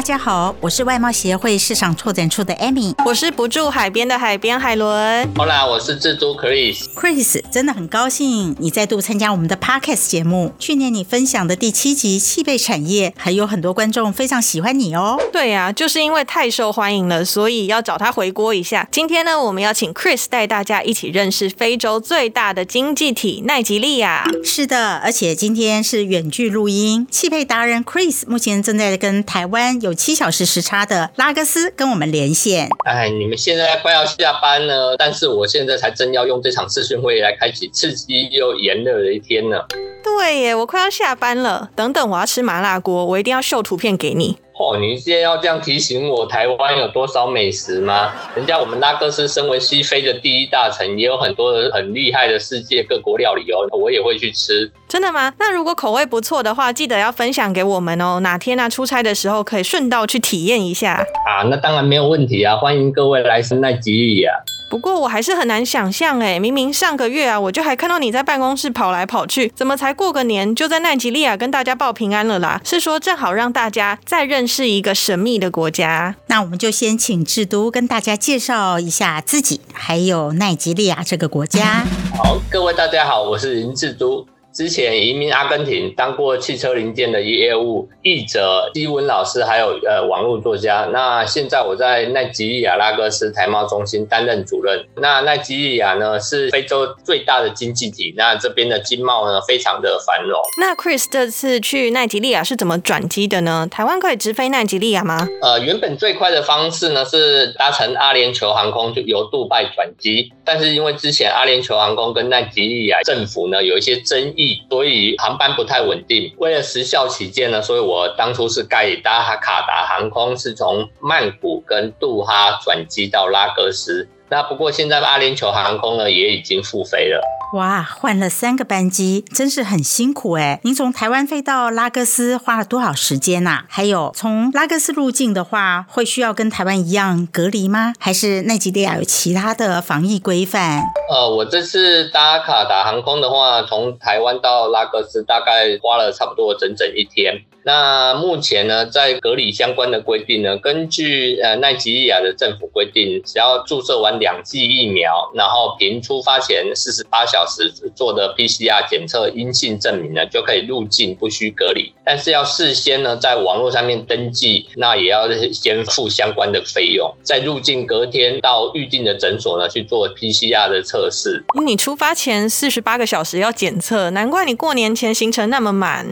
大家好，我是外貿協會市場拓展處的 Amy，我是不住海邊的海邊海倫好啦，Hola, 我是蜘蛛 Chris，Chris Chris, 真的很高興你再度參加我們的 Podcast 節目。去年你分享的第七集汽配產業，還有很多觀眾非常喜歡你哦。對啊，就是因為太受歡迎了，所以要找他回鍋一下。今天呢，我們要請 Chris 帶大家一起認識非洲最大的經濟體奈及利亞。是的，而且今天是遠距錄音，汽配達人 Chris 目前正在跟台灣有。有七小時時差的拉哥斯跟我們連線。哎，你們現在快要下班了，但是我現在才正要用這場視訊會議來開啟刺激又炎熱的一天呢。對耶，我快要下班了，等等我要吃麻辣鍋，我一定要秀圖片給你。哦，你現在要這樣提醒我台灣有多少美食嗎？人家我們拉哥斯身為西非的第一大城，也有很多很厲害的世界各國料理哦，我也會去吃。真的嗎？那如果口味不錯的話，記得要分享給我們哦。哪天呢、啊、出差的時候可以順道去體驗一下。啊，那當然沒有問題啊，歡迎各位來奈及利亞啊。不過我還是很難想象哎，明明上個月啊，我就還看到你在辦公室跑來跑去，怎麼才過個年就在奈及利亞跟大家報平安了啦？是說正好讓大家再認識一個神秘的國家。那我們就先請志都跟大家介紹一下自己，還有奈及利亞這個國家。好，各位大家好，我是林志都。之前移民阿根廷，當過汽車零件的一業務譯者、基文老師，還有呃網絡作家。那現在我在奈及利亞拉各斯台貿中心擔任主任。那奈及利亞呢是非洲最大的經濟體，那這邊的經貿呢非常的繁榮。那 Chris 這次去奈及利亞是怎麼轉機的呢？台灣可以直飛奈及利亞嗎？呃，原本最快的方式呢是搭乘阿聯酋航空，就由杜拜轉機，但是因為之前阿聯酋航空跟奈及利亞政府呢有一些爭議。所以航班不太穩定，為了時效起見呢，所以我當初是蓋搭哈卡達航空，是從曼谷跟杜哈轉機到拉各斯。那不過現在阿聯酋航空呢也已經復飛了。哇，換了三個班機，真是很辛苦哎、欸！您從台灣飛到拉各斯花了多少時間吶、啊？還有，從拉各斯入境的話，會需要跟台灣一樣隔離嗎？還是奈及利亞有其他的防疫規範？呃，我這次搭卡達航空的話，從台灣到拉各斯大概花了差不多整整一天。那目前呢，在隔離相關的規定呢，根據呃奈及利亞的政府規定，只要注射完兩劑疫苗，然後憑出發前四十八小時做的 PCR 檢測陰性證明呢，就可以入境不需隔離，但是要事先呢在網絡上面登記，那也要先付相關的費用，在入境隔天到預定的診所呢去做 PCR 的測試。你出發前四十八個小時要檢測，難怪你過年前行程那麼滿！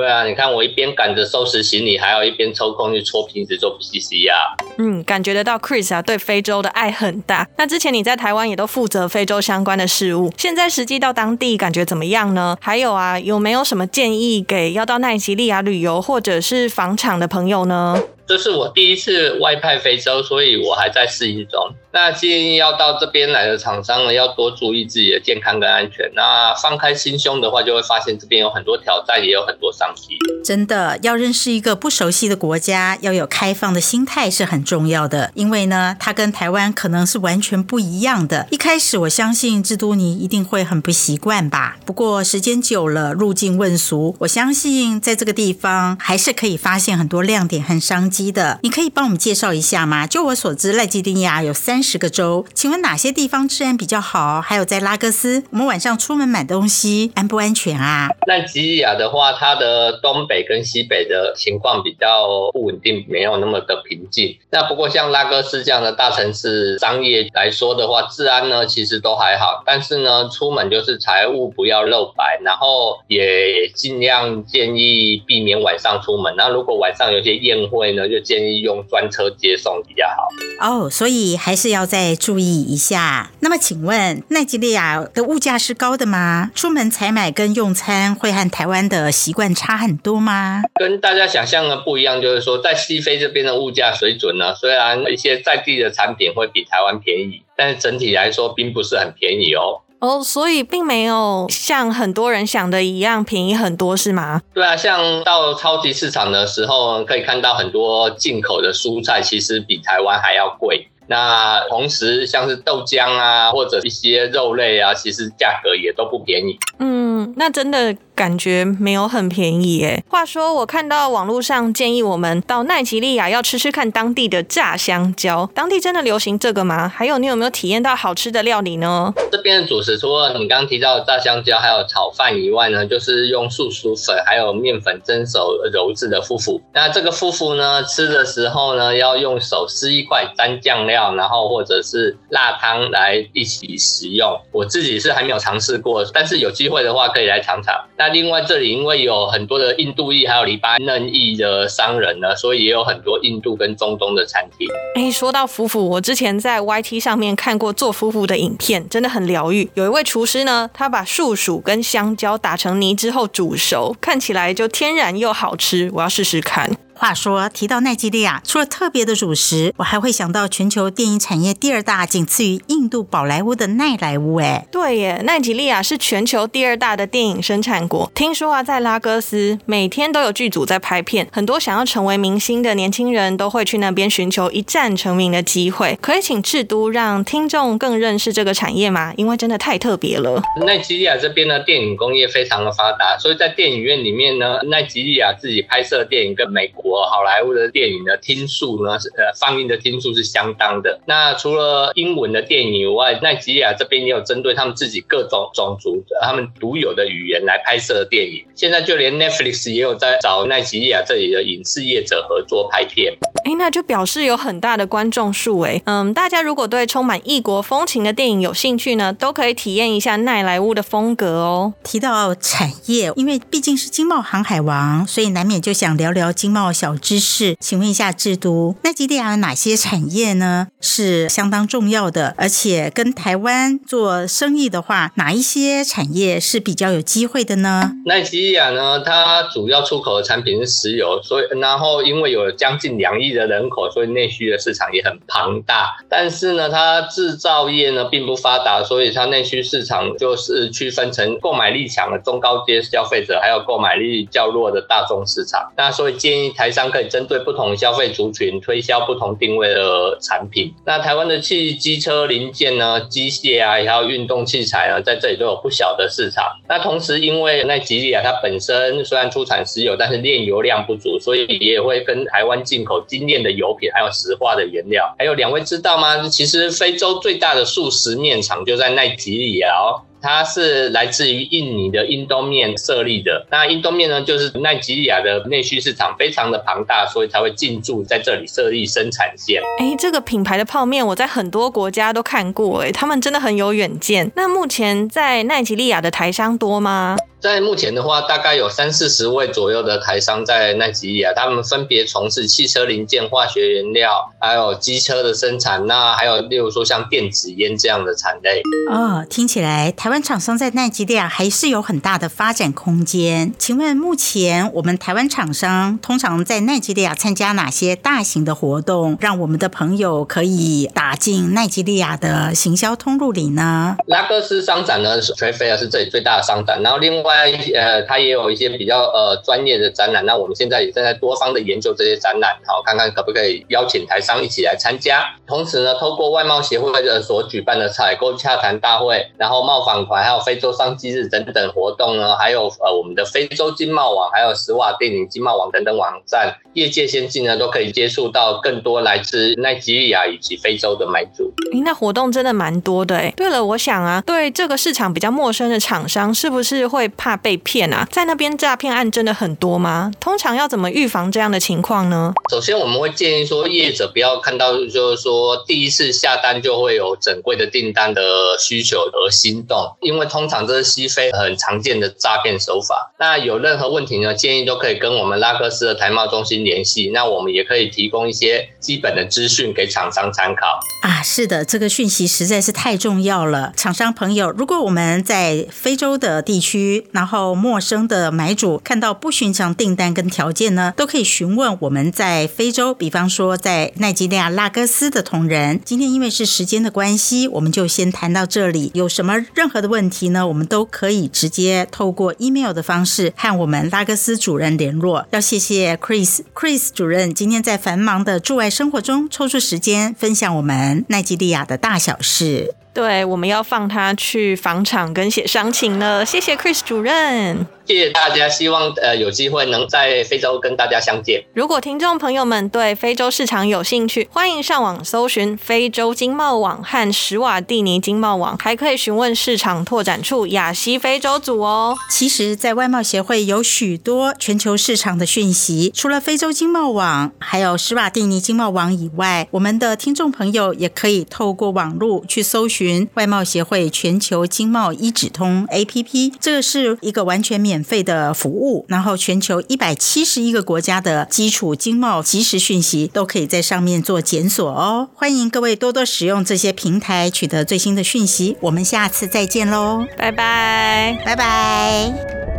對啊，你看我一邊趕着收拾行李，還要一邊抽空去戳鼻子做 PC 啊。嗯，感覺得到 Chris 啊對非洲的愛很大。那之前你在台灣也都負責非洲相關的事務，現在實際到當地感覺怎麼樣呢？還有啊，有沒有什麼建議給要到奈及利亞旅遊或者是訪廠的朋友呢？這是我第一次外派非洲，所以我還在適應中。那建議要到這邊來的廠商呢，要多注意自己的健康跟安全。那放開心胸的話，就會發現這邊有很多挑戰，也有很多商機。真的要認識一個不熟悉的國家，要有開放的心態是很重要的，因為呢，它跟台灣可能是完全不一樣的。一開始我相信智多尼一定會很不習慣吧，不過時間久了入境問俗，我相信在這個地方還是可以發現很多亮點和商機。的，你可以幫我們介紹一下嗎？就我所知，奈及利亞有三十個州，請問哪些地方治安比較好？還有在拉哥斯，我們晚上出門買東西安不安全啊？奈及利亞的話，它的東北跟西北的情況比較不穩定，沒有那麼的平靜。那不過像拉哥斯這樣的大城市，商業來說的話，治安呢其實都還好。但是呢，出門就是財物不要露白，然後也盡量建議避免晚上出門。那如果晚上有些宴會呢？就建議用專車接送比較好哦，oh, 所以還是要再注意一下。那麼，請問奈及利亞的物價是高的嗎？出門採買跟用餐會和台灣的習慣差很多嗎？跟大家想象的不一樣，就是說在西非這邊的物價水準呢，雖然一些在地的產品會比台灣便宜，但是整體來說並不是很便宜哦。哦，oh, 所以並沒有像很多人想的一樣便宜很多，是嗎？對啊，像到超級市場的時候，可以看到很多進口的蔬菜，其實比台灣還要貴。那同時，像是豆漿啊，或者一些肉類啊，其實價格也都不便宜。嗯，那真的。感覺沒有很便宜哎、欸。話說，我看到網絡上建議我們到奈及利亞要吃吃看當地的炸香蕉，當地真的流行這個嗎？還有你有沒有體驗到好吃的料理呢？這邊的主食除了你剛剛提到的炸香蕉，還有炒飯以外呢，就是用樹薯粉還有麵粉蒸熟揉制的富富。那這個富富呢，吃的時候呢，要用手撕一塊沾醬料，然後或者是辣湯來一起食用。我自己是還沒有嘗試過，但是有機會的話可以來嘗嘗。那另外這裡因為有很多的印度裔還有黎巴嫩裔的商人呢、啊，所以也有很多印度跟中東的餐廳。哎、欸，說到富富，我之前在 YT 上面看過做富富的影片，真的很療癒。有一位廚師呢，他把樹薯跟香蕉打成泥之後煮熟，看起來就天然又好吃。我要試試看。話說，提到奈及利亞，除了特別的主食，我還會想到全球電影產業第二大，僅次於印度寶萊塢的奈萊塢、欸。哎，對耶，奈及利亞是全球第二大的電影生產國。聽說啊，在拉哥斯每天都有劇組在拍片，很多想要成為明星的年輕人都會去那邊尋求一戰成名的機會。可以請制都讓聽眾更認識這個產業嗎？因為真的太特別了。奈及利亞這邊的電影工業非常的發達，所以在電影院裡面呢，奈及利亞自己拍攝電影跟美國。我好萊塢的電影的聽數呢，是呃放映的聽數是相當的。那除了英文的電影以外，奈及利亞這邊也有針對他們自己各種種族、他們獨有的語言來拍攝的電影。現在就連 Netflix 也有在找奈及利亞這裡的影視業者合作拍片。哎，那就表示有很大的觀眾數誒、欸。嗯，大家如果對充滿異國風情的電影有興趣呢，都可以體驗一下奈萊塢的風格哦。提到產業，因為畢竟是經貿航海王，所以難免就想聊聊經貿。小知識，請問一下制都，奈及利亞有哪些產業呢？是相當重要的，而且跟台灣做生意的話，哪一些產業是比較有機會的呢？奈及利亞呢，它主要出口的產品是石油，所以然後因為有將近兩億的人口，所以內需的市場也很龐大。但是呢，它制造業呢並不發達，所以它內需市場就是區分成購買力強的中高階消費者，還有購買力較弱的大眾市場。那所以建議台。台商可以針對不同消費族群，推銷不同定位的產品。那台灣的汽機車零件呢、機械啊，也還有運動器材啊，在這裡都有不小的市場。那同時，因為奈及利亞它本身雖然出產石油，但是煉油量不足，所以也會跟台灣進口精煉的油品，還有石化的原料。還有兩位知道嗎？其實非洲最大的速食麵廠就在奈及利亞哦。它是來自於印尼的印度面設立的，那印度面呢，就是奈及利亞的內需市場非常的龐大，所以才會進駐在這裡設立生產線。哎、欸，這個品牌的泡麵我在很多國家都看過、欸，哎，他們真的很有遠見。那目前在奈及利亞的台商多嗎？在目前的話，大概有三四十位左右的台商在奈及利亞，他們分別從事汽車零件、化學原料，還有機車的生產，那還有例如說像電子菸這樣的產類。哦，聽起來台灣廠商在奈及利亞還是有很大的發展空間。請問目前我們台灣廠商通常在奈及利亞參加哪些大型的活動，讓我們的朋友可以打進奈及利亞的行銷通路裡呢？拉哥斯商展呢，Trade Fair 是這裡最大的商展，然後另外。那呃，他也有一些比較呃專業的展覽，那我們現在也正在多方的研究這些展覽，好看看可不可以邀請台商一起來參加。同時呢，透過外貿協會的所舉辦的採購洽談大會，然後貿訪團，還有非洲商機日等等活動呢，還有呃我們的非洲經貿網，還有十瓦電影經貿網等等網站，業界先進呢都可以接觸到更多來自奈及利亞以及非洲的買主。您、欸、那活動真的蠻多的、欸、對了，我想啊，對這個市場比較陌生的廠商，是不是會？怕被騙啊，在那邊詐騙案真的很多嗎？通常要怎麼預防這樣的情況呢？首先，我們會建議說業者不要看到就是說第一次下單就會有整櫃的訂單的需求而心動，因為通常這是西非很常見的詐騙手法。那有任何問題呢，建議都可以跟我們拉哥斯的台貿中心聯繫，那我們也可以提供一些基本的資訊給廠商參考。啊，是的，這個訊息實在是太重要了，廠商朋友，如果我們在非洲的地區。然後陌生的買主看到不尋常訂單跟條件呢，都可以詢問我們在非洲，比方說在奈及利亞拉各斯的同仁。今天因為是時間的關係，我們就先談到這裡。有什麼任何的問題呢？我們都可以直接透過 email 的方式和我們拉各斯主任聯絡。要謝謝 Chris，Chris Chris 主任今天在繁忙的駐外生活中抽出時間分享我們奈及利亞的大小事。對，我們要放他去房場跟寫商情了，謝謝 Chris 主任。謝謝大家，希望呃有機會能在非洲跟大家相見。如果聽眾朋友們對非洲市場有興趣，歡迎上網搜尋非洲經貿網和史瓦蒂尼經貿網，還可以詢問市場拓展處亞西非洲組哦。其實，在外貿協會有許多全球市場的訊息，除了非洲經貿網還有史瓦蒂尼經貿網以外，我們的聽眾朋友也可以透過網路去搜尋外貿協會全球經貿一指通 APP，這是一個完全免。免費的服務，然後全球一百七十一個國家的基礎經貿即時訊息都可以在上面做檢索哦。歡迎各位多多使用這些平台，取得最新的訊息。我們下次再見嘍，拜拜，拜拜。